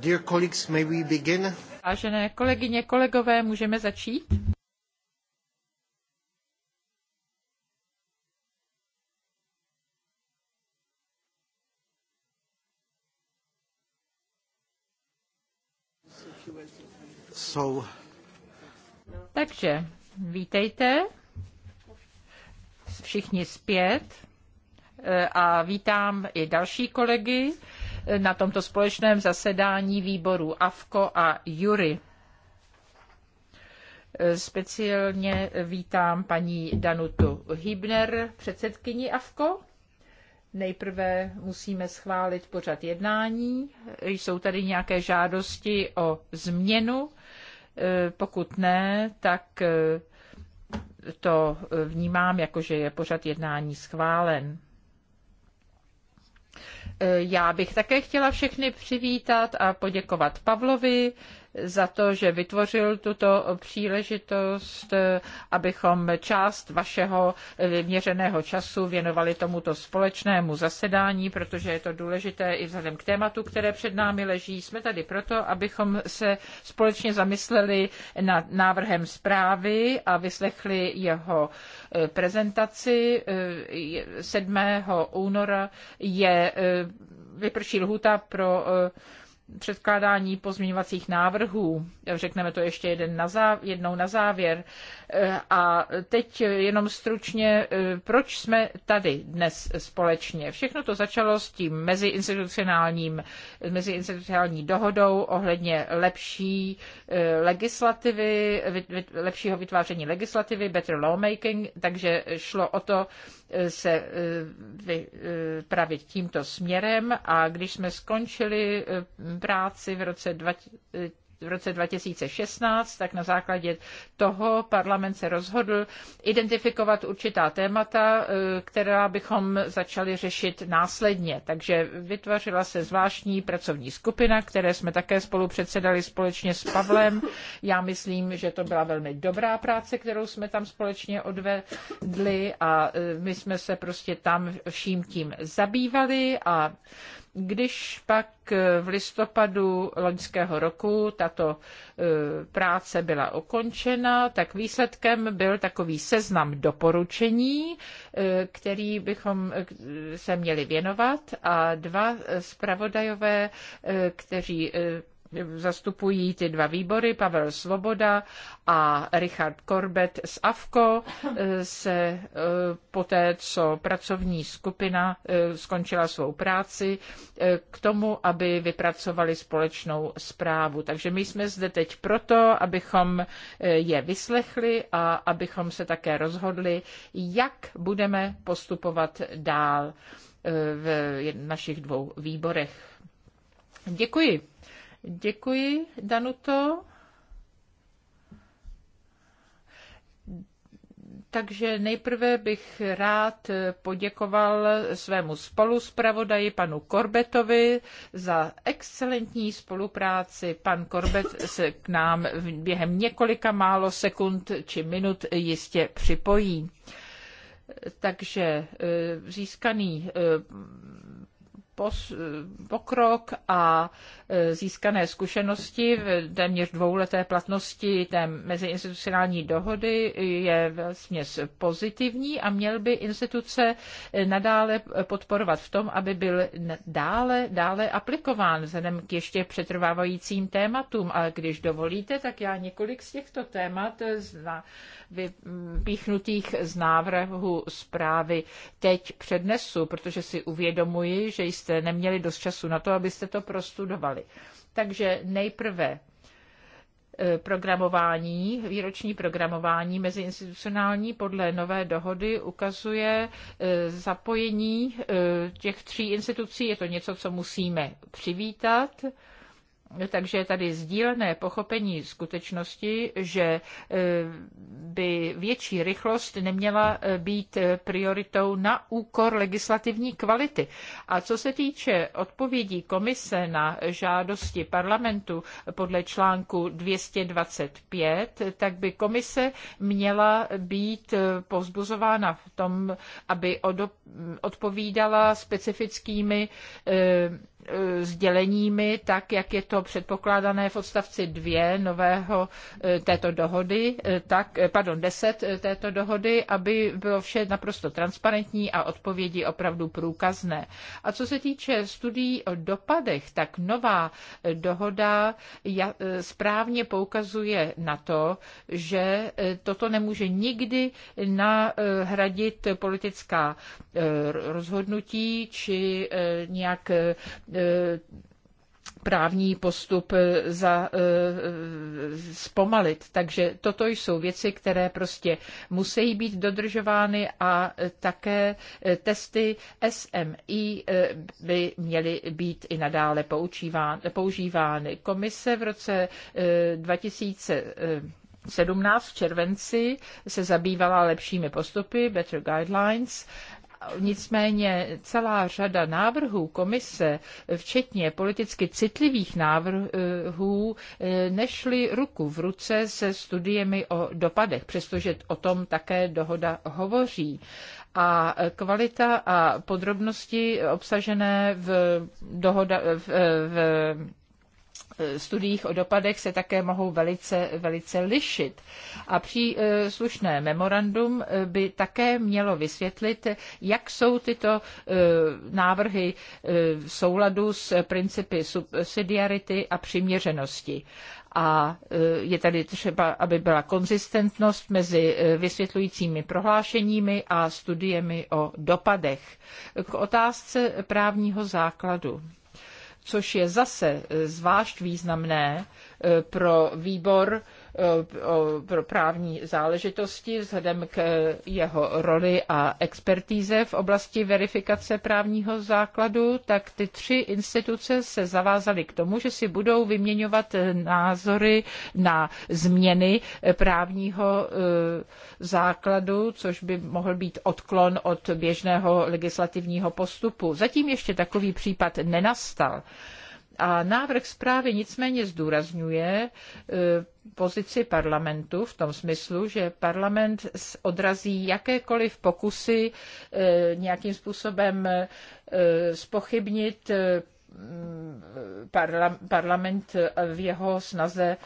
Dear colleagues, may we begin? Vážené kolegyně, kolegové, můžeme začít? So. Takže vítejte všichni zpět eh, a vítám i další kolegy na tomto společném zasedání výboru AFKO a JURY. Speciálně vítám paní Danutu Hibner, předsedkyni AFKO. Nejprve musíme schválit pořad jednání. Jsou tady nějaké žádosti o změnu. Eh, pokud ne, tak eh, to vnímám jako, že je pořad jednání schválen. Já bych také chtěla všechny přivítat a poděkovat Pavlovi za to, že vytvořil tuto příležitost, eh, abychom část vašeho vyměřeného času věnovali tomuto společnému zasedání, protože je to důležité i vzhledem k tématu, které před námi leží. Jsme tady proto, abychom se společně zamysleli nad návrhem zprávy a vyslechli jeho eh, prezentaci 7. Eh, února je vyprší lhuta pro předkládání pozměňovacích návrhů. Řekneme to ještě jeden na závěr, jednou na závěr. Eh, a teď jenom stručně, eh, proč jsme tady dnes společně. Všechno to začalo s tím meziinstitucionálním, meziinstitucionální dohodou ohledně lepší eh, legislativy, lepšího vytváření legislativy, better lawmaking, takže šlo o to, se eh, vypravit eh, tímto směrem a když jsme skončili eh, práci v roce 2000, v roce 2016, tak na základě toho parlament se rozhodl identifikovat určitá témata, e, která bychom začali řešit následně. Takže vytvořila se zvláštní pracovní skupina, které jsme také spolu předsedali společně s Pavlem. Já myslím, že to byla velmi dobrá práce, kterou jsme tam společně odvedli a e, my jsme se prostě tam vším tím zabývali a když pak eh, v listopadu loňského roku tato eh, práce byla ukončena, tak výsledkem byl takový seznam doporučení, eh, který bychom se měli věnovat a dva zpravodajové, kteří zastupují ty dva výbory, Pavel Svoboda a Richard Corbett z AFKO, eh, se eh, poté, co pracovní skupina eh, skončila svou práci, k tomu, aby vypracovali společnou zprávu. Takže my jsme zde teď proto, abychom je vyslechli a abychom se také rozhodli, jak budeme postupovat dál v našich dvou výborech. Děkuji. Děkuji, Danuto. Takže nejprve bych rád poděkoval svému spoluspravodaji panu Korbetovi za excelentní spolupráci. Pan Korbet se k nám během několika málo sekund či minut jistě připojí. Takže e, získaný e, pokrok a Eh, získané zkušenosti v téměř dvouleté platnosti té meziinstitucionální dohody je vlastně pozitivní a měl by instituce eh, nadále podporovat v tom, aby byl dále, dále aplikován vzhledem k ještě přetrvávajícím tématům. A když dovolíte, tak já několik z těchto témat eh, zna, vypíchnutých z návrhu zprávy teď přednesu, protože si uvědomuji, že jste neměli dost času na to, abyste to prostudovali kontroly. Takže nejprve e, programování, výroční programování meziinstitucionální podle nové dohody ukazuje e, zapojení e, těch tří institucí. Je to něco, co musíme přivítat takže je tady sdílené pochopení skutečnosti, že e, by větší rychlost neměla e, být prioritou na úkor legislativní kvality. A co se týče odpovědí komise na žádosti parlamentu podle článku 225, tak by komise měla být e, povzbuzována v tom, aby odpovídala specifickými E, sděleními, tak jak je to předpokládané v odstavci 2 nového e, této dohody, e, tak, pardon, 10 této dohody, aby bylo vše naprosto transparentní a odpovědi opravdu průkazné. A co se týče studií o dopadech, tak nová dohoda správně poukazuje na to, že toto nemůže nikdy nahradit politická rozhodnutí či nějak Eh, právní postup eh, za, eh, zpomalit. Takže toto jsou věci, které prostě musí být dodržovány a také testy SMI by měly být i nadále používány. Komise v roce 2000 17 v červenci se zabývala lepšími postupy, Better Guidelines, Nicméně celá řada návrhů komise, včetně politicky citlivých návrhů, eh, nešly ruku v ruce se studiemi o dopadech, přestože o tom také dohoda hovoří a kvalita a podrobnosti obsažené v, dohoda, v, eh, v Eh, studiích o dopadech se také mohou velice, velice lišit. A příslušné memorandum eh, by také mělo vysvětlit, jak jsou tyto eh, návrhy v souladu s principy subsidiarity a přiměřenosti a je tady třeba, aby byla konzistentnost mezi vysvětlujícími prohlášeními a studiemi o dopadech. K otázce právního základu což je zase eh, zvlášť významné eh, pro výbor Eh, pro právní záležitosti vzhledem k jeho roli a expertíze v oblasti verifikace právního základu, tak ty tři instituce se zavázaly k tomu, že si budou vyměňovat názory na změny právního eh, základu, což by mohl být odklon od běžného legislativního postupu. Zatím ještě takový případ nenastal. A návrh zprávy nicméně zdůrazňuje e, pozici parlamentu v tom smyslu, že parlament odrazí jakékoliv pokusy e, nějakým způsobem e, spochybnit parlament v jeho snaze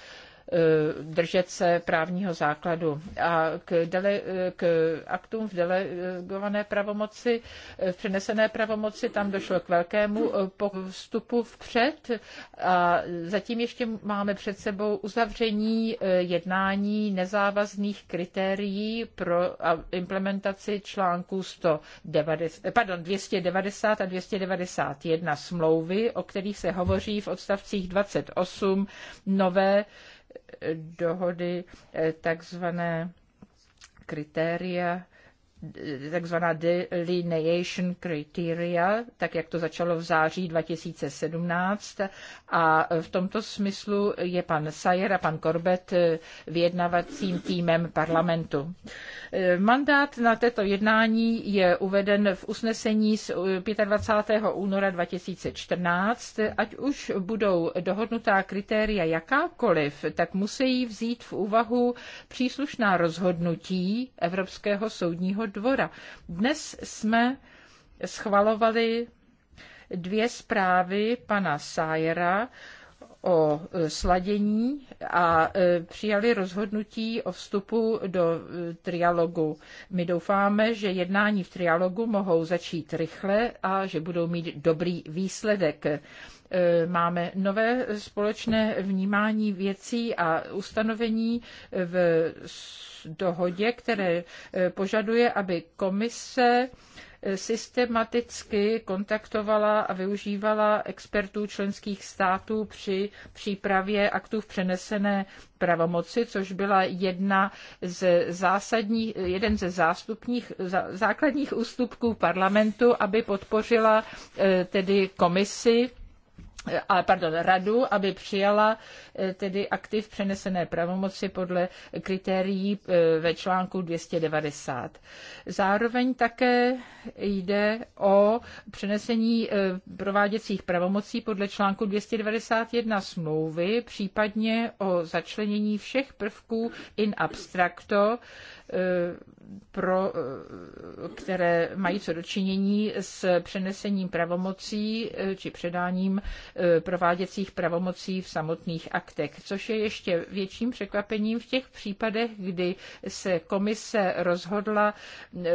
Eh, držet se právního základu. A k, dele, eh, k aktům v delegované pravomoci, eh, v přenesené pravomoci, tam došlo k velkému postupu vpřed a zatím ještě máme před sebou uzavření jednání nezávazných kritérií pro implementaci článků 190, pardon, 290 a 291 smlouvy, o kterých se hovoří v odstavcích 28 nové dohody eh, takzvané kritéria takzvaná delineation criteria, tak jak to začalo v září 2017. A v tomto smyslu je pan Sayer a pan Corbett vyjednavacím týmem parlamentu. Mandát na této jednání je uveden v usnesení z 25. Eh, února 2014. Ať už budou dohodnutá kritéria jakákoliv, tak musí vzít v úvahu příslušná rozhodnutí Evropského soudního dvora. Dnes jsme schvalovali dvě zprávy pana Sájera o e, sladění a e, přijali rozhodnutí o vstupu do e, trialogu. My doufáme, že jednání v trialogu mohou začít rychle a že budou mít dobrý výsledek. E, máme nové společné vnímání věcí a ustanovení v dohodě, které e, požaduje, aby komise e, systematicky kontaktovala a využívala expertů členských států při přípravě aktů v přenesené pravomoci, což byla jedna z zásadní, jeden ze zástupních, základních ústupků parlamentu, aby podpořila tedy komisi a, pardon, radu, aby přijala e, tedy aktiv přenesené pravomoci podle kritérií e, ve článku 290. Zároveň také jde o přenesení e, prováděcích pravomocí podle článku 291 smlouvy, případně o začlenění všech prvků in abstracto Eh, pro, eh, které mají co dočinění s přenesením pravomocí eh, či předáním prováděcích pravomocí v samotných aktech, což je ještě větším překvapením v těch případech, kdy se komise rozhodla,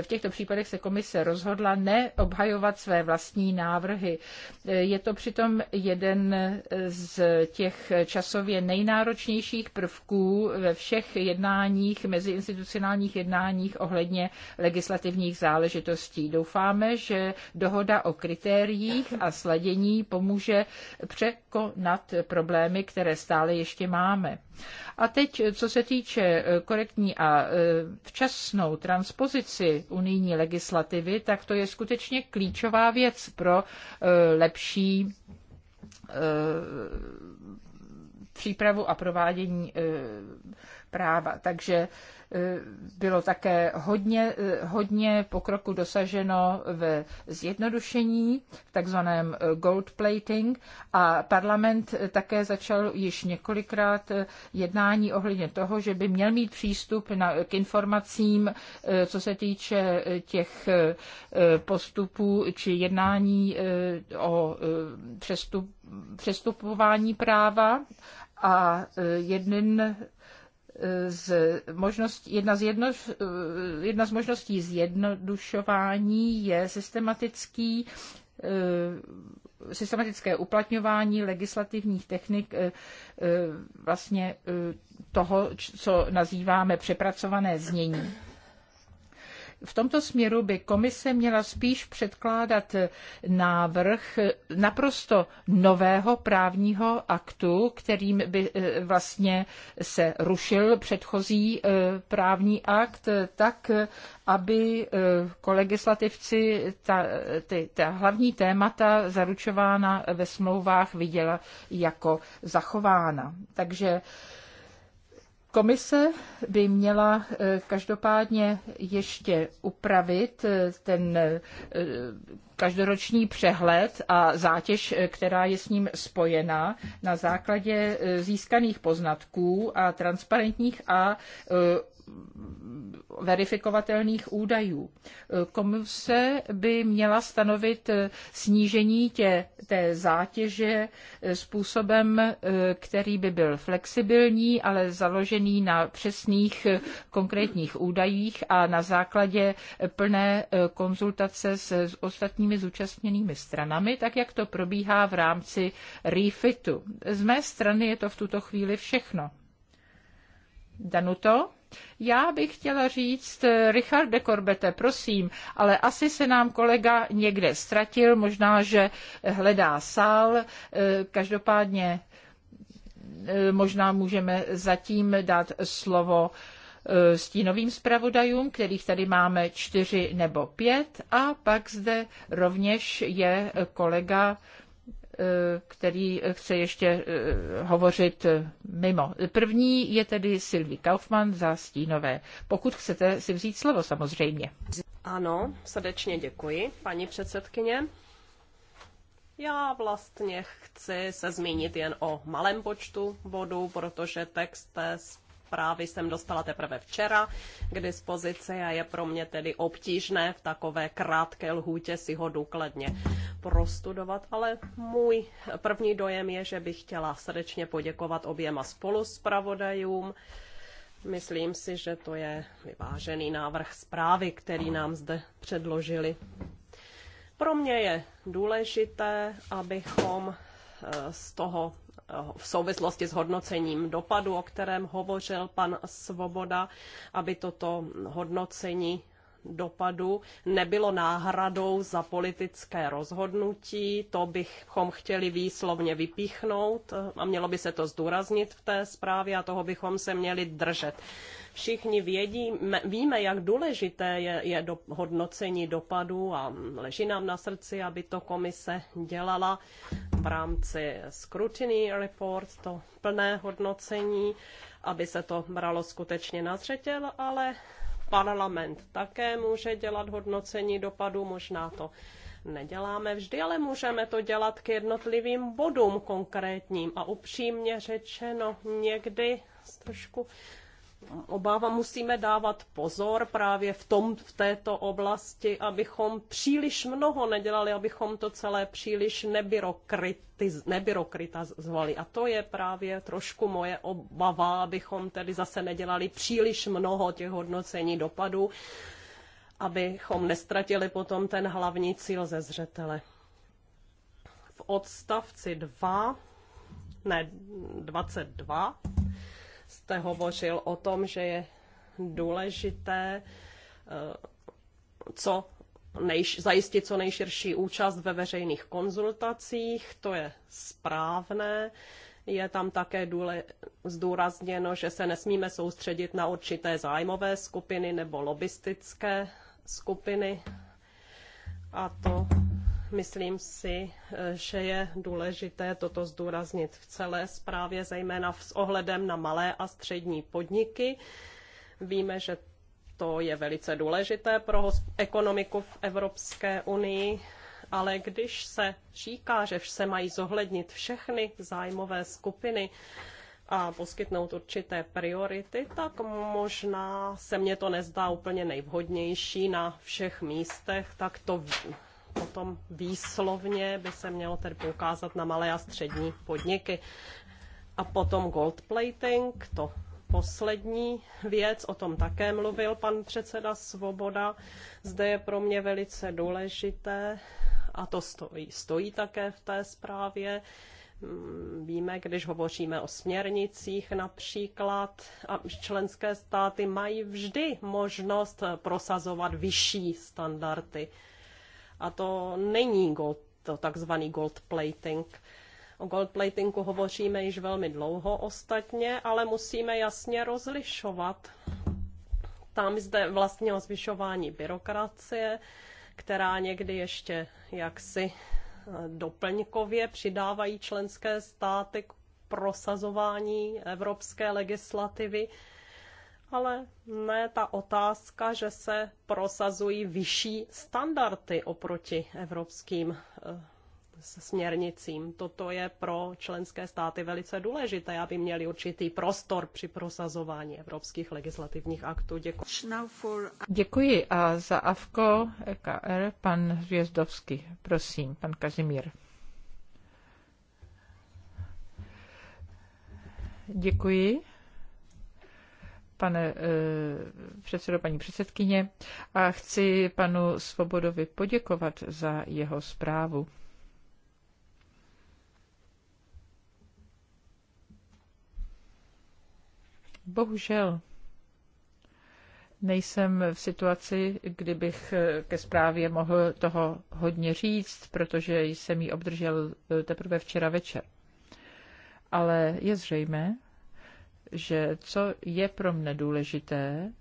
v těchto případech se komise rozhodla neobhajovat své vlastní návrhy. Je to přitom jeden z těch časově nejnáročnějších prvků ve všech jednáních mezi institucionální neformálních jednáních ohledně legislativních záležitostí. Doufáme, že dohoda o kritériích a sladění pomůže překonat problémy, které stále ještě máme. A teď, co se týče eh, korektní a eh, včasnou transpozici unijní legislativy, tak to je skutečně klíčová věc pro eh, lepší přípravu a provádění práva. Takže e, bylo také hodně, e, hodně pokroku dosaženo ve zjednodušení, v takzvaném e, gold plating a parlament také začal již několikrát jednání ohledně toho, že by měl mít přístup na, k informacím, co se týče těch postupů či jednání o přestup, přestupování práva a jeden z možnost, jedna, z jedno, jedna z možností zjednodušování je systematický eh, systematické uplatňování legislativních technik eh, eh, vlastně toho, co nazýváme přepracované znění. V tomto směru by komise měla spíš předkládat návrh naprosto nového právního aktu, kterým by eh, vlastně se rušil předchozí eh, právní akt, tak aby eh, kolegislativci ta, ty, ta hlavní témata zaručována ve smlouvách viděla jako zachována. Takže Komise by měla eh, každopádně ještě upravit eh, ten eh, každoroční přehled a zátěž, která je s ním spojena na základě získaných poznatků a transparentních a verifikovatelných údajů. Komise by měla stanovit snížení tě, té zátěže způsobem, který by byl flexibilní, ale založený na přesných konkrétních údajích a na základě plné konzultace s ostatními zúčastněnými stranami, tak jak to probíhá v rámci refitu. Z mé strany je to v tuto chvíli všechno. Danuto? Já bych chtěla říct, eh, Richarde Korbete, prosím, ale asi se nám kolega někde ztratil, možná, že hledá sál. Eh, každopádně eh, možná můžeme zatím dát slovo stínovým zpravodajům, kterých tady máme čtyři nebo pět, a pak zde rovněž je kolega který chce ještě eh, hovořit eh, mimo. První je tedy Sylvie Kaufmann za Stínové. Pokud chcete si vzít slovo, samozřejmě. Ano, srdečně děkuji, paní předsedkyně. Já vlastně chci se zmínit jen o malém počtu bodů, protože text té zprávy jsem dostala teprve včera k dispozici a je pro mě tedy obtížné v takové krátké lhůtě si ho důkladně prostudovat, ale můj první dojem je, že bych chtěla srdečně poděkovat oběma spoluspravodajům. Myslím si, že to je vyvážený návrh zprávy, který nám zde předložili. Pro mě je důležité, abychom eh, z toho v souvislosti s hodnocením dopadu, o kterém hovořil pan Svoboda, aby toto hodnocení dopadu nebylo náhradou za politické rozhodnutí. To bychom chtěli výslovně vypíchnout a mělo by se to zdůraznit v té zprávě a toho bychom se měli držet. Všichni vědí, víme, jak důležité je, je do, hodnocení dopadu a leží nám na srdci, aby to komise dělala v rámci scrutiny report, to plné hodnocení, aby se to bralo skutečně na zřetěl, ale parlament také může dělat hodnocení dopadu, možná to neděláme vždy, ale můžeme to dělat k jednotlivým bodům konkrétním a upřímně řečeno někdy trošku obáva, musíme dávat pozor právě v, tom, v této oblasti, abychom příliš mnoho nedělali, abychom to celé příliš nebyrokritizovali. A to je právě trošku moje obava, abychom tedy zase nedělali příliš mnoho těch hodnocení dopadů, abychom nestratili potom ten hlavní cíl ze zřetele. V odstavci 2, ne 22, jste hovořil o tom, že je důležité eh, co nejš- zajistit co nejširší účast ve veřejných konzultacích, to je správné. Je tam také důle- zdůrazněno, že se nesmíme soustředit na určité zájmové skupiny nebo lobistické skupiny. A to Myslím si, eh, že je důležité toto zdůraznit v celé zprávě, zejména s ohledem na malé a střední podniky. Víme, že to je velice důležité pro ekonomiku v Evropské unii, ale když se říká, že se mají zohlednit všechny zájmové skupiny, a poskytnout určité priority, tak možná se mně to nezdá úplně nejvhodnější na všech místech, tak to potom výslovně by se mělo tedy poukázat na malé a střední podniky. A potom gold plating, to poslední věc, o tom také mluvil pan předseda Svoboda. Zde je pro mě velice důležité, a to stojí, stojí také v té zprávě, mm, Víme, když hovoříme o směrnicích například, a členské státy mají vždy možnost prosazovat vyšší standardy a to není gold, to takzvaný gold plating. O gold platingu hovoříme již velmi dlouho ostatně, ale musíme jasně rozlišovat. Tam zde vlastně o zvyšování byrokracie, která někdy ještě jaksi eh, doplňkově přidávají členské státy k prosazování evropské legislativy ale ne ta otázka, že se prosazují vyšší standardy oproti evropským eh, směrnicím. Toto je pro členské státy velice důležité, aby měli určitý prostor při prosazování evropských legislativních aktů. Děkuji. Děkuji a za AVKO EKR pan Zvězdovský. Prosím, pan Kazimír. Děkuji pane eh, předsedo, paní předsedkyně, a chci panu Svobodovi poděkovat za jeho zprávu. Bohužel nejsem v situaci, kdybych eh, ke zprávě mohl toho hodně říct, protože jsem ji obdržel eh, teprve včera večer. Ale je zřejmé, že co je pro mne důležité,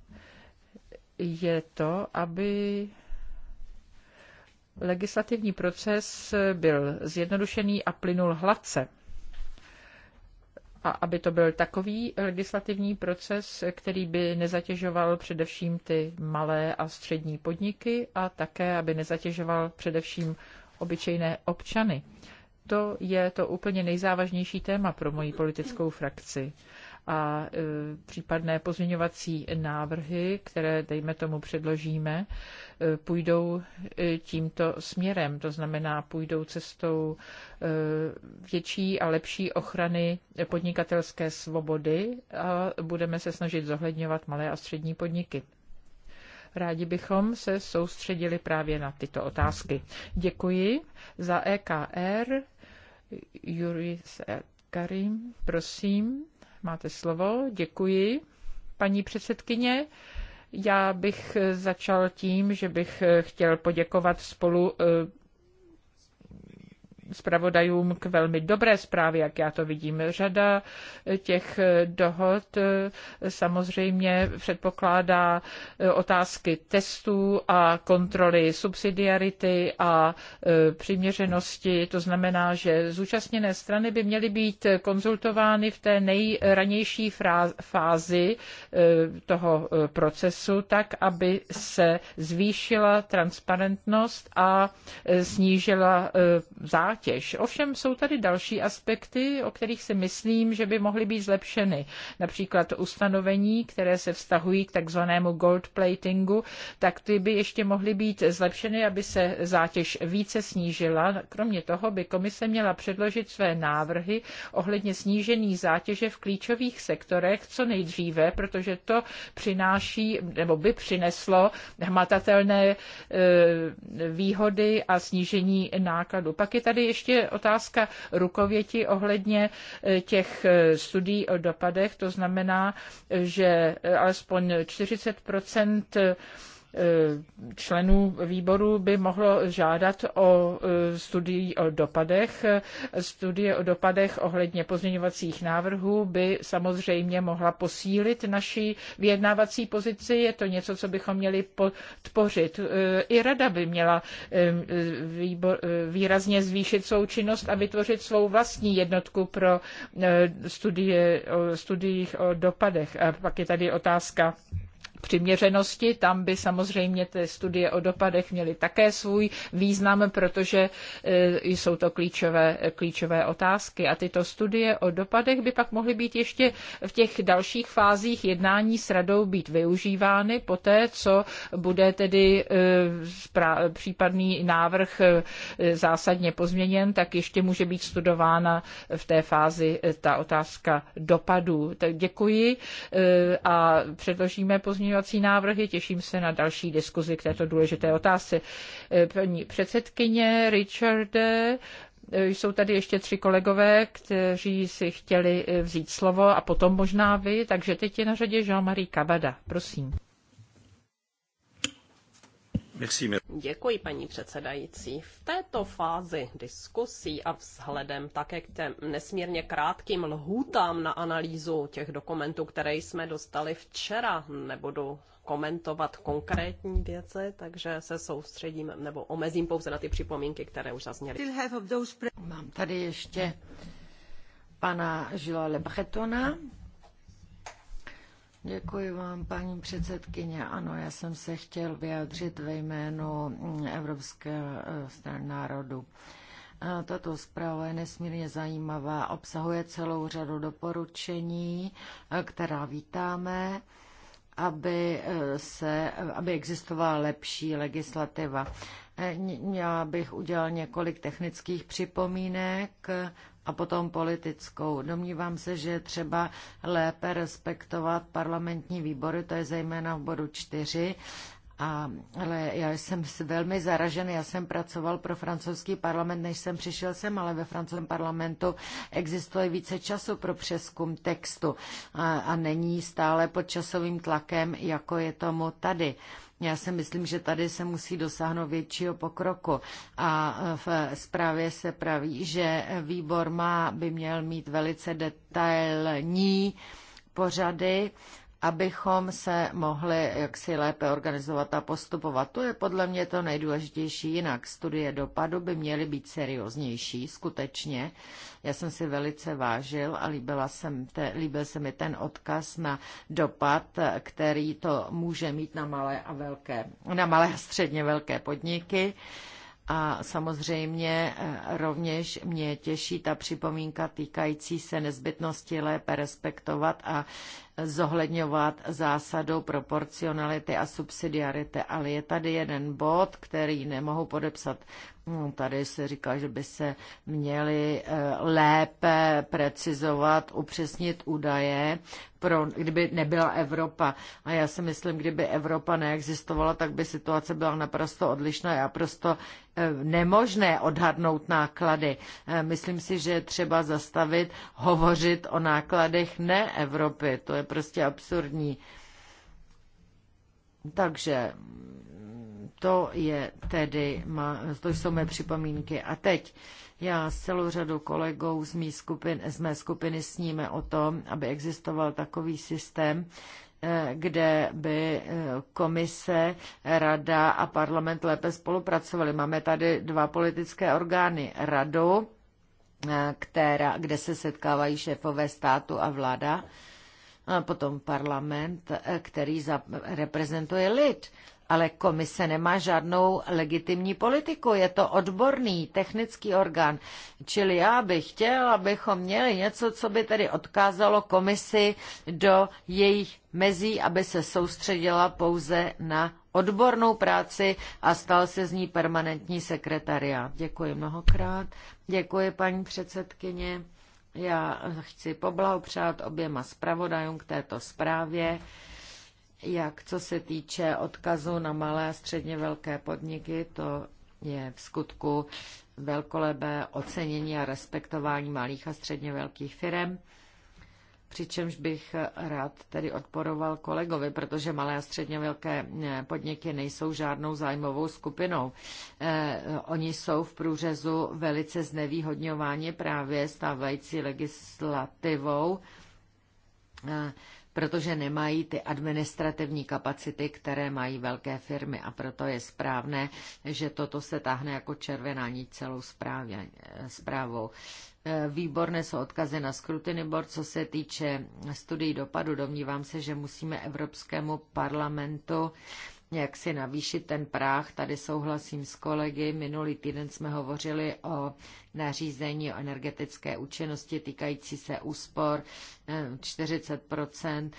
je to, aby legislativní proces byl zjednodušený a plynul hladce. A aby to byl takový legislativní proces, který by nezatěžoval především ty malé a střední podniky a také, aby nezatěžoval především obyčejné občany. To je to úplně nejzávažnější téma pro moji politickou frakci a e, případné pozměňovací návrhy, které, dejme tomu, předložíme, e, půjdou e, tímto směrem. To znamená, půjdou cestou větší a lepší ochrany podnikatelské svobody a budeme se snažit zohledňovat malé a střední podniky. Rádi bychom se soustředili právě na tyto otázky. Děkuji za EKR. Juris Karim, prosím máte slovo. Děkuji, paní předsedkyně. Já bych začal tím, že bych eh, chtěl poděkovat spolu eh, zpravodajům k velmi dobré zprávě, jak já to vidím. Řada těch dohod eh, samozřejmě předpokládá eh, otázky testů a kontroly subsidiarity a eh, přiměřenosti. To znamená, že zúčastněné strany by měly být konzultovány v té nejranější fázi toho procesu, tak, aby se zvýšila transparentnost a snížila zátěž zátěž. Ovšem jsou tady další aspekty, o kterých si myslím, že by mohly být zlepšeny. Například ustanovení, které se vztahují k takzvanému gold platingu, tak ty by ještě mohly být zlepšeny, aby se zátěž více snížila. Kromě toho by komise měla předložit své návrhy ohledně snížení zátěže v klíčových sektorech co nejdříve, protože to přináší nebo by přineslo hmatatelné eh, výhody a snížení nákladů. Pak je tady ještě otázka rukověti ohledně eh, těch eh, studií o dopadech. To znamená, eh, že alespoň 40 Eh, členů výboru by mohlo žádat o eh, studii o dopadech. Studie o dopadech ohledně pozměňovacích návrhů by samozřejmě mohla posílit naší vyjednávací pozici. Je to něco, co bychom měli podpořit. Eh, I rada by měla výbor, výrazně zvýšit součinnost a vytvořit svou vlastní jednotku pro studie, studiích o dopadech. A pak je tady otázka přiměřenosti. Tam by samozřejmě ty studie o dopadech měly také svůj význam, protože e, jsou to klíčové, klíčové otázky. A tyto studie o dopadech by pak mohly být ještě v těch dalších fázích jednání s radou být využívány poté, co bude tedy e, případný návrh e, zásadně pozměněn, tak ještě může být studována v té fázi ta otázka dopadů. Tak děkuji a předložíme pozměnění pozměňovací návrhy. Těším se na další diskuzi k této důležité otázce. E, paní předsedkyně Richarde, e, jsou tady ještě tři kolegové, kteří si chtěli e, vzít slovo a potom možná vy, takže teď je na řadě Jean-Marie Kabada. Prosím. Děkuji, paní předsedající. V této fázi diskusí a vzhledem také k těm nesmírně krátkým lhůtám na analýzu těch dokumentů, které jsme dostali včera, nebudu komentovat konkrétní věci, takže se soustředím nebo omezím pouze na ty připomínky, které už zazněly. Mám tady ještě pana Žila Lebachetona, Děkuji vám, paní předsedkyně. Ano, já jsem se chtěl vyjádřit ve jménu Evropské eh, strany národu. Eh, tato zpráva je nesmírně zajímavá, obsahuje celou řadu doporučení, eh, která vítáme aby, eh, se, aby existovala lepší legislativa. Já eh, bych udělal několik technických připomínek a potom politickou. Domnívám se, že je třeba lépe respektovat parlamentní výbory, to je zejména v bodu 4, a, ale já jsem velmi zaražen, já jsem pracoval pro francouzský parlament, než jsem přišel sem, ale ve francouzském parlamentu existuje více času pro přeskum textu a, a není stále pod časovým tlakem, jako je tomu tady. Já si myslím, že tady se musí dosáhnout většího pokroku. A v zprávě se praví, že výbor má, by měl mít velice detailní pořady abychom se mohli jaksi lépe organizovat a postupovat. To je podle mě to nejdůležitější. Jinak studie dopadu by měly být serióznější, skutečně. Já jsem si velice vážil a líbila jsem te, líbil se mi ten odkaz na dopad, který to může mít na malé a velké, na malé a středně velké podniky. A samozřejmě e, rovněž mě těší ta připomínka týkající se nezbytnosti lépe respektovat a zohledňovat zásadu proporcionality a subsidiarity, ale je tady jeden bod, který nemohu podepsat No, tady se říká, že by se měly eh, lépe precizovat, upřesnit údaje, pro, kdyby nebyla Evropa. A já si myslím, kdyby Evropa neexistovala, tak by situace byla naprosto odlišná a prosto eh, nemožné odhadnout náklady. Eh, myslím si, že je třeba zastavit, hovořit o nákladech ne Evropy. To je prostě absurdní. Takže to je tedy, to jsou mé připomínky. A teď já s celou řadou kolegů z, mý skupin, z mé skupiny sníme o tom, aby existoval takový systém, eh, kde by eh, komise, rada a parlament lépe spolupracovali. Máme tady dva politické orgány, radu, eh, která, kde se setkávají šéfové státu a vláda, a potom parlament, který za, reprezentuje lid ale komise nemá žádnou legitimní politiku. Je to odborný technický orgán. Čili já bych chtěl, abychom měli něco, co by tedy odkázalo komisi do jejich mezí, aby se soustředila pouze na odbornou práci a stal se z ní permanentní sekretariát. Děkuji mnohokrát. Děkuji, paní předsedkyně. Já chci poblahopřát oběma zpravodajům k této zprávě jak co se týče odkazu na malé a středně velké podniky, to je v skutku velkolebé ocenění a respektování malých a středně velkých firm. Přičemž bych rád tedy odporoval kolegovi, protože malé a středně velké eh, podniky nejsou žádnou zájmovou skupinou. Eh, oni jsou v průřezu velice znevýhodňováni právě stávající legislativou. Eh, protože nemají ty administrativní kapacity, které mají velké firmy. A proto je správné, že toto se táhne jako červená nit celou zprávou. E, Výborné jsou odkazy na scrutiny board. Co se týče studií dopadu, domnívám se, že musíme Evropskému parlamentu jak si navýšit ten práh. Tady souhlasím s kolegy. Minulý týden jsme hovořili o nařízení o energetické účinnosti týkající se úspor 40 eh,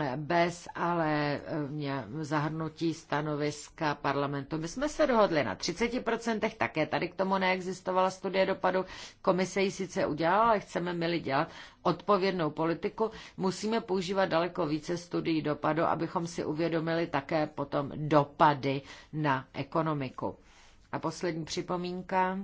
eh, bez ale eh, zahrnutí stanoviska parlamentu. My jsme se dohodli na 30%, také tady k tomu neexistovala studie dopadu. Komise ji sice udělala, ale chceme-li dělat odpovědnou politiku, musíme používat daleko více studií dopadu, abychom si uvědomili také potom dopady na ekonomiku. A poslední připomínka.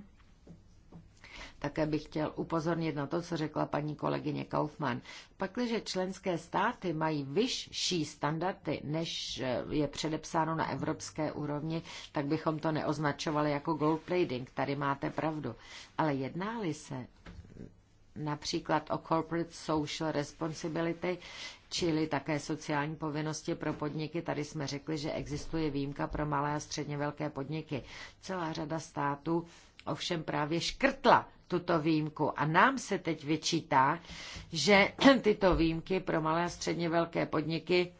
Také bych chtěl upozornit na to, co řekla paní kolegyně Kaufmann. Pakliže členské státy mají vyšší standardy, než eh, je předepsáno na evropské úrovni, tak bychom to neoznačovali jako gold plating. Tady máte pravdu. Ale jednáli se například o corporate social responsibility, čili také sociální povinnosti pro podniky. Tady jsme řekli, že existuje výjimka pro malé a středně velké podniky. Celá řada států ovšem právě škrtla tuto výjimku. A nám se teď vyčítá, že tyto výjimky pro malé a středně velké podniky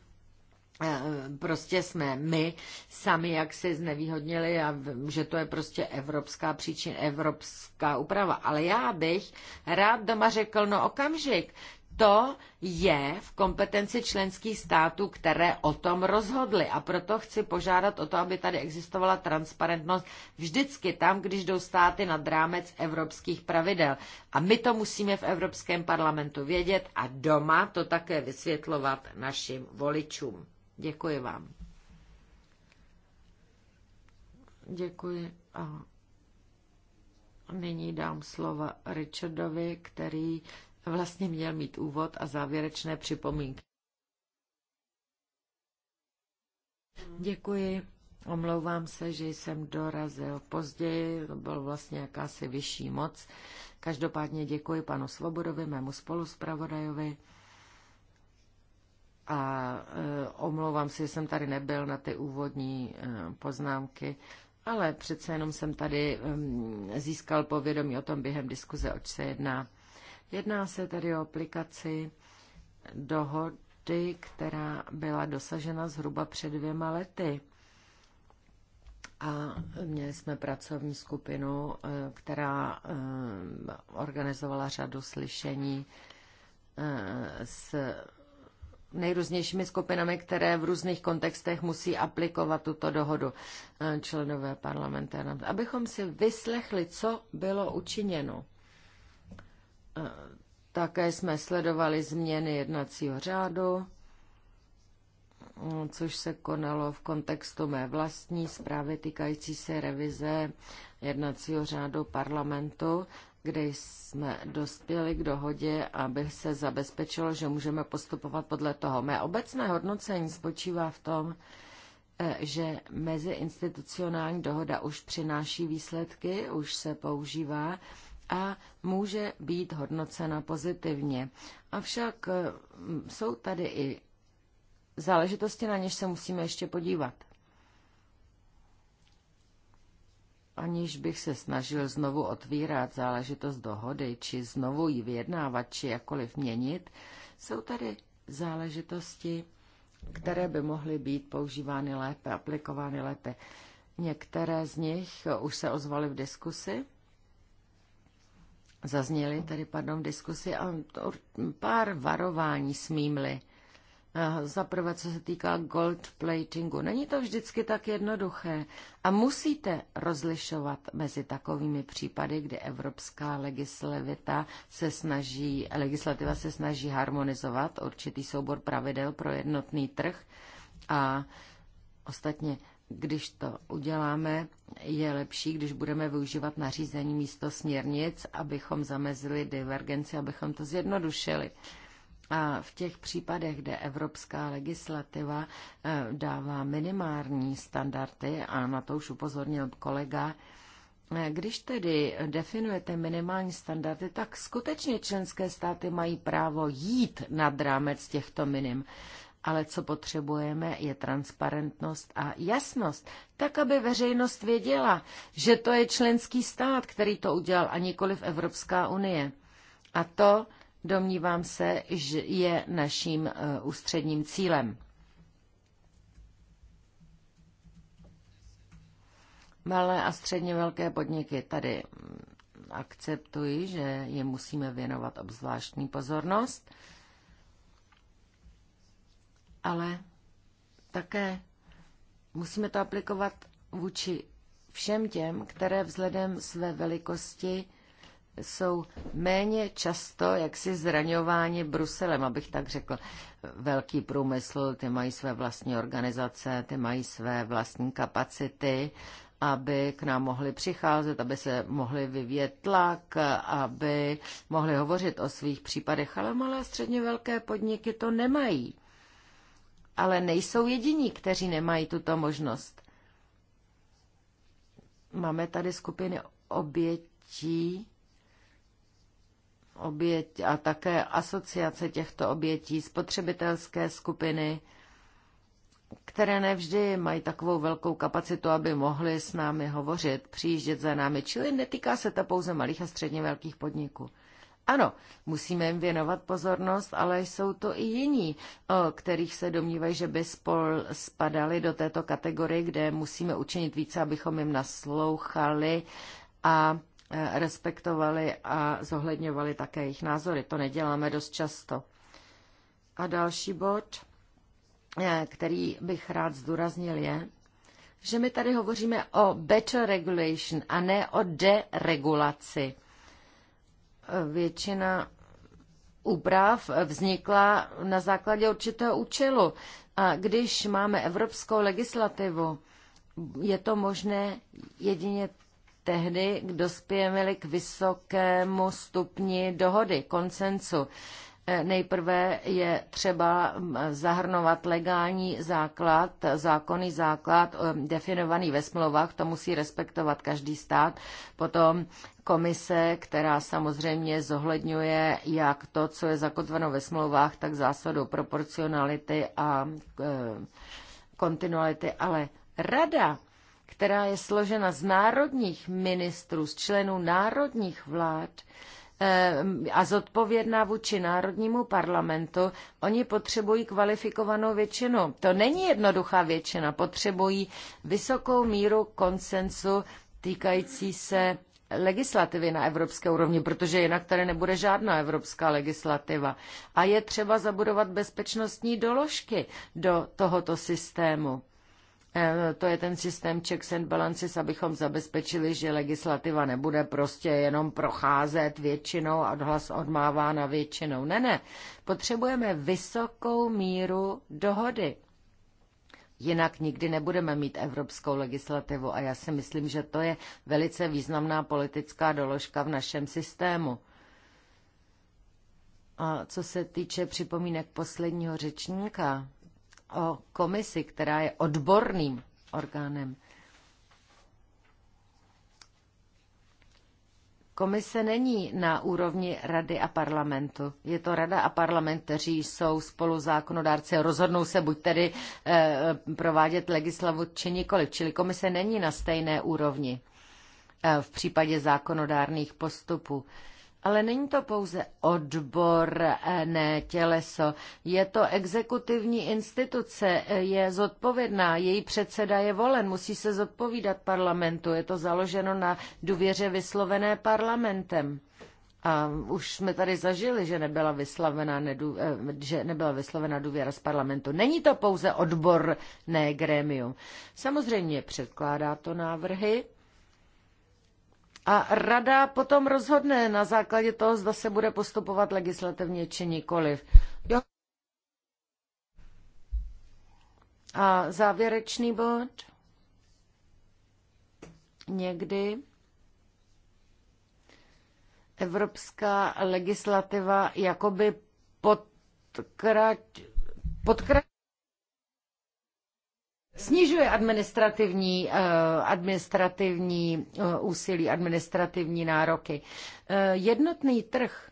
Eh, prostě jsme my sami, jak se znevýhodnili a že to je prostě evropská příčina, evropská úprava. Ale já bych rád doma řekl, no okamžik, to je v kompetenci členských států, které o tom rozhodly. A proto chci požádat o to, aby tady existovala transparentnost vždycky tam, když jdou státy nad rámec evropských pravidel. A my to musíme v Evropském parlamentu vědět a doma to také vysvětlovat našim voličům. Děkuji vám. Děkuji a nyní dám slova Richardovi, který vlastně měl mít úvod a závěrečné připomínky. Děkuji. Omlouvám se, že jsem dorazil později, to byl vlastně jakási vyšší moc. Každopádně děkuji panu Svobodovi, mému spoluspravodajovi a e, omlouvám se, že jsem tady nebyl na ty úvodní e, poznámky, ale přece jenom jsem tady e, získal povědomí o tom během diskuze, oč se jedná. Jedná se tady o aplikaci dohody, která byla dosažena zhruba před dvěma lety. A měli jsme pracovní skupinu, eh, která organizovala řadu slyšení s nejrůznějšími skupinami, které v různých kontextech musí aplikovat tuto dohodu eh, členové parlamentu. Abychom si vyslechli, co bylo učiněno. Eh, také jsme sledovali změny jednacího řádu, eh, což se konalo v kontextu mé vlastní zprávy týkající se revize jednacího řádu parlamentu kde jsme dospěli k dohodě, aby se zabezpečilo, že můžeme postupovat podle toho. Mé obecné hodnocení spočívá v tom, eh, že meziinstitucionální dohoda už přináší výsledky, už se používá a může být hodnocena pozitivně. Avšak eh, jsou tady i záležitosti, na něž se musíme ještě podívat. aniž bych se snažil znovu otvírat záležitost dohody, či znovu ji vyjednávat, či jakkoliv měnit, jsou tady záležitosti, které by mohly být používány lépe, aplikovány lépe. Některé z nich už se ozvaly v diskusi, zazněly tady, pardon, v diskusi a pár varování smímly. Za prvé, co se týká gold platingu, není to vždycky tak jednoduché. A musíte rozlišovat mezi takovými případy, kdy evropská legislativa se snaží, legislativa se snaží harmonizovat určitý soubor pravidel pro jednotný trh. A ostatně když to uděláme, je lepší, když budeme využívat nařízení místo směrnic, abychom zamezili divergenci, abychom to zjednodušili. A v těch případech, kde evropská legislativa eh, dává minimální standardy, a na to už upozornil kolega, eh, když tedy definujete minimální standardy, tak skutečně členské státy mají právo jít nad rámec těchto minim. Ale co potřebujeme, je transparentnost a jasnost, tak aby veřejnost věděla, že to je členský stát, který to udělal, a nikoli v Evropská unie. A to domnívám se, že je naším eh, ústředním cílem. Malé a středně velké podniky tady mm, akceptuji, že je musíme věnovat obzvláštní pozornost, ale také musíme to aplikovat vůči všem těm, které vzhledem své velikosti jsou méně často jaksi zraňováni Bruselem, abych tak řekl. Velký průmysl, ty mají své vlastní organizace, ty mají své vlastní kapacity, aby k nám mohli přicházet, aby se mohli vyvíjet tlak, aby mohli hovořit o svých případech, ale malé a středně velké podniky to nemají. Ale nejsou jediní, kteří nemají tuto možnost. Máme tady skupiny obětí, oběť a také asociace těchto obětí, spotřebitelské skupiny, které nevždy mají takovou velkou kapacitu, aby mohly s námi hovořit, přijíždět za námi. Čili netýká se to pouze malých a středně velkých podniků. Ano, musíme jim věnovat pozornost, ale jsou to i jiní, o kterých se domnívají, že by spol spadali do této kategorie, kde musíme učinit více, abychom jim naslouchali a Eh, respektovali a zohledňovali také jejich názory. To neděláme dost často. A další bod, eh, který bych rád zdůraznil, je, že my tady hovoříme o better regulation a ne o deregulaci. Eh, většina úprav vznikla na základě určitého účelu. A když máme evropskou legislativu, je to možné jedině tehdy dospějeme k vysokému stupni dohody, koncensu. Eh, nejprve je třeba mm, zahrnovat legální základ, zákonný základ eh, definovaný ve smlouvách, to musí respektovat každý stát. Potom komise, která samozřejmě zohledňuje jak to, co je zakotveno ve smlouvách, tak zásadu proporcionality a eh, kontinuality, ale rada která je složena z národních ministrů, z členů národních vlád eh, a zodpovědná vůči národnímu parlamentu, oni potřebují kvalifikovanou většinu. To není jednoduchá většina, potřebují vysokou míru konsensu týkající se legislativy na evropské úrovni, protože jinak tady nebude žádná evropská legislativa. A je třeba zabudovat bezpečnostní doložky do tohoto systému. Eh, to je ten systém checks and balances, abychom zabezpečili, že legislativa nebude prostě jenom procházet většinou a hlas odmávána většinou. Ne, ne. Potřebujeme vysokou míru dohody. Jinak nikdy nebudeme mít evropskou legislativu a já si myslím, že to je velice významná politická doložka v našem systému. A co se týče připomínek posledního řečníka, o komisi, která je odborným orgánem. Komise není na úrovni rady a parlamentu. Je to rada a parlament, kteří jsou spolu zákonodárci a rozhodnou se buď tedy e, provádět legislavu či nikoliv. Čili komise není na stejné úrovni e, v případě zákonodárných postupů. E, ale není to pouze odborné eh, těleso, je to exekutivní instituce, eh, je zodpovědná, její předseda je volen, musí se zodpovídat parlamentu, je to založeno na důvěře vyslovené parlamentem. A už jsme tady zažili, že nebyla, vyslavena, nedů, eh, že nebyla vyslovena důvěra z parlamentu. Není to pouze odborné grémium. Samozřejmě předkládá to návrhy, a rada potom rozhodne na základě toho, zda se bude postupovat legislativně či nikoliv. Jo. A závěrečný bod? Někdy evropská legislativa jakoby podkrať, podkrať snižuje administrativní, eh, administrativní eh, úsilí, administrativní nároky. Eh, jednotný trh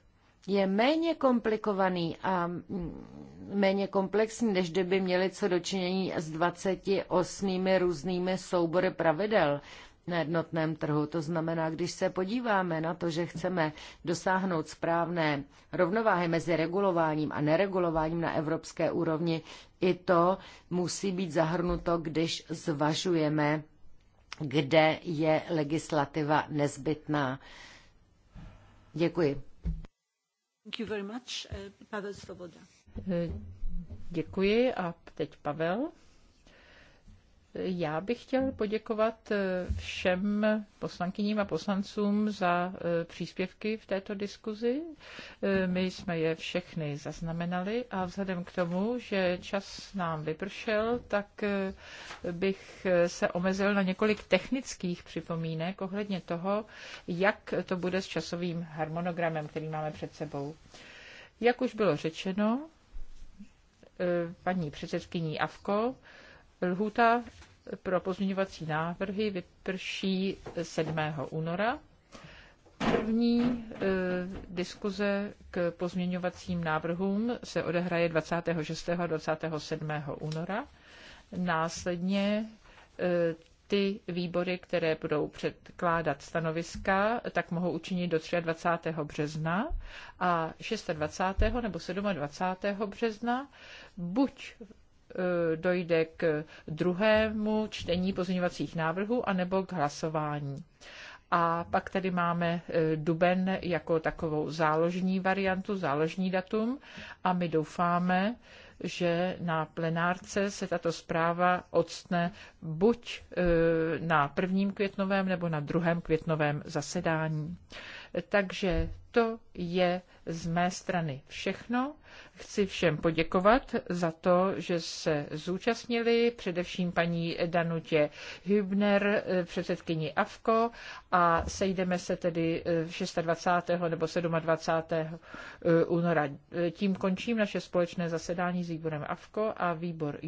je méně komplikovaný a mm, méně komplexní, než kdyby měli co dočinění s 28 různými soubory pravidel na jednotném trhu. To znamená, když se podíváme na to, že chceme dosáhnout správné rovnováhy mezi regulováním a neregulováním na evropské úrovni, i to musí být zahrnuto, když zvažujeme, kde je legislativa nezbytná. Děkuji. Thank you very much. Eh, Pavel Svoboda. Eh, děkuji a teď Pavel. Já bych chtěl poděkovat eh, všem poslankyním a poslancům za eh, příspěvky v této diskuzi. Eh, my jsme je všechny zaznamenali a vzhledem k tomu, že čas nám vypršel, tak bych se omezil na několik technických připomínek ohledně toho, jak to bude s časovým harmonogramem, který máme před sebou. Jak už bylo řečeno, paní předsedkyní Avko, Lhuta pro pozměňovací návrhy vyprší 7. února. První e, diskuze k pozměňovacím návrhům se odehraje 26. a 27. února. Následně e, ty výbory, které budou předkládat stanoviska, tak mohou učinit do 23. března a 26. nebo 27. března buď Eh, dojde k druhému čtení pozměňovacích návrhů anebo k hlasování. A pak tady máme eh, duben jako takovou záložní variantu, záložní datum a my doufáme, že na plenárce se tato zpráva odstne buď eh, na prvním květnovém nebo na druhém květnovém zasedání. Takže to je z mé strany všechno. Chci všem poděkovat za to, že se zúčastnili, především paní Danutě Hübner, eh, předsedkyni AFKO a sejdeme se tedy 26. Eh, nebo 27. Eh, února. Tím končím naše společné zasedání s výborem AFKO a výbor